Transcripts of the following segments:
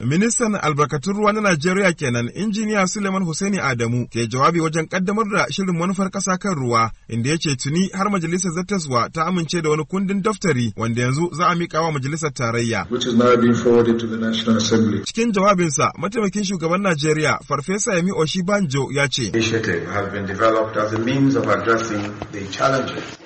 Ministan albarkatun ruwa na Najeriya kenan injiniya Suleiman Hussaini Adamu ke jawabi wajen kaddamar da shirin manufar ƙasa kan ruwa inda ya ce tuni har majalisar zattaswa ta amince da wani kundin daftari wanda yanzu za a miƙa wa majalisar tarayya. Cikin jawabinsa mataimakin shugaban Najeriya Farfesa Yemi Banjo ya ce.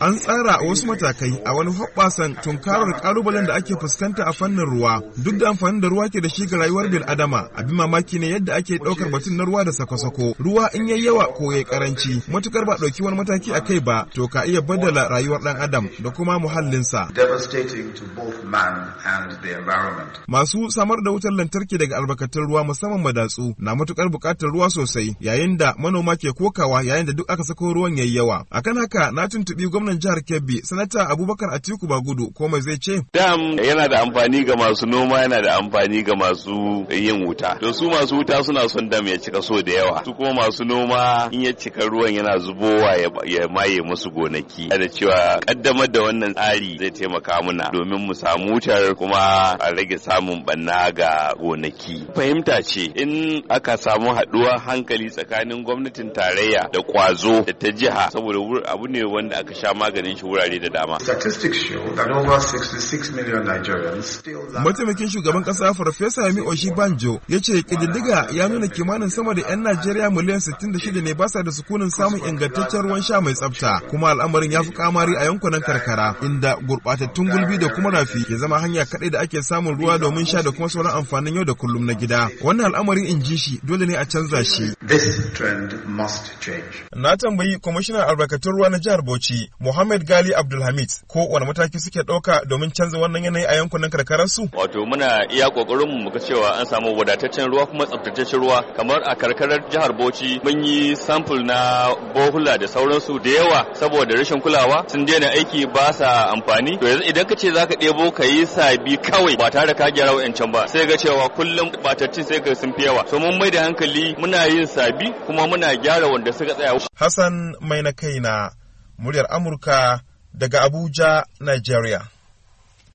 An tsara wasu matakai a wani hoɓɓasan tunkarar kalubalen da ake fuskanta a fannin ruwa duk da amfani da ruwa ke da shi ga rayuwar bil adama abin mamaki ne yadda ake daukar batun na ruwa da sako-sako ruwa in yayi yawa ko yayi karanci matukar ba dauki wani mataki a kai ba to ka iya badala rayuwar dan adam da kuma muhallinsa masu samar da wutar lantarki daga albarkatun ruwa musamman madatsu na matukar bukatar ruwa sosai yayin da manoma ke kokawa yayin da duk aka sako ruwan yayi yawa akan haka na tuntuɓi gwamnan jihar Kebbi sanata Abubakar Atiku Bagudu ko mai zai ce Dam yana da amfani ga masu noma yana da amfani ga masu yin wuta. To su masu wuta suna son dam ya cika so da yawa. Su kuma masu noma in ya cika ruwan yana zubowa ya maye musu gonaki. Da cewa kaddamar da wannan tsari zai taimaka muna domin mu samu wutar kuma a rage samun banna ga gonaki. Fahimta ce in aka samu haɗuwar hankali tsakanin gwamnatin tarayya da kwazo da ta jiha saboda abu ne wanda aka sha maganin shi wurare da dama. Statistics show that over 66 Mataimakin shugaban kasa Farfesa Yemi Banjo ya ce ƙididdiga ya nuna kimanin sama da 'yan Najeriya miliyan 66 ne basa da sukunin samun ingantaccen ruwan sha mai tsafta, kuma al'amarin ya fi kamari a yankunan karkara, inda gurɓatattun gulbi da kuma rafi ke zama hanya kaɗai da ake samun ruwa domin sha da kuma sauran amfanin yau da kullum na gida. Wannan al'amarin in ji shi dole ne a canza shi. Na tambayi kwamishinan albarkatun ruwa na jihar Bauchi, Muhammad Gali Abdulhamid, ko wani mataki suke ɗauka domin canza canza wannan yanayi a yankunan karkarar su? Wato muna iya kokarin mu ga cewa an samu wadataccen ruwa kuma tsaftataccen ruwa kamar a karkarar jihar Bauchi mun yi sample na bohula da sauransu da yawa saboda rashin kulawa sun daina aiki ba sa amfani to yanzu idan ka ce zaka debo ka yi sabi kawai ba tare ka gyara wa'ancan ba sai ga cewa kullum batattun sai ka sun fi yawa so mun mai da hankali muna yin sabi kuma muna gyara wanda suka tsaya. Hassan mai na kaina muryar Amurka daga Abuja, Nigeria.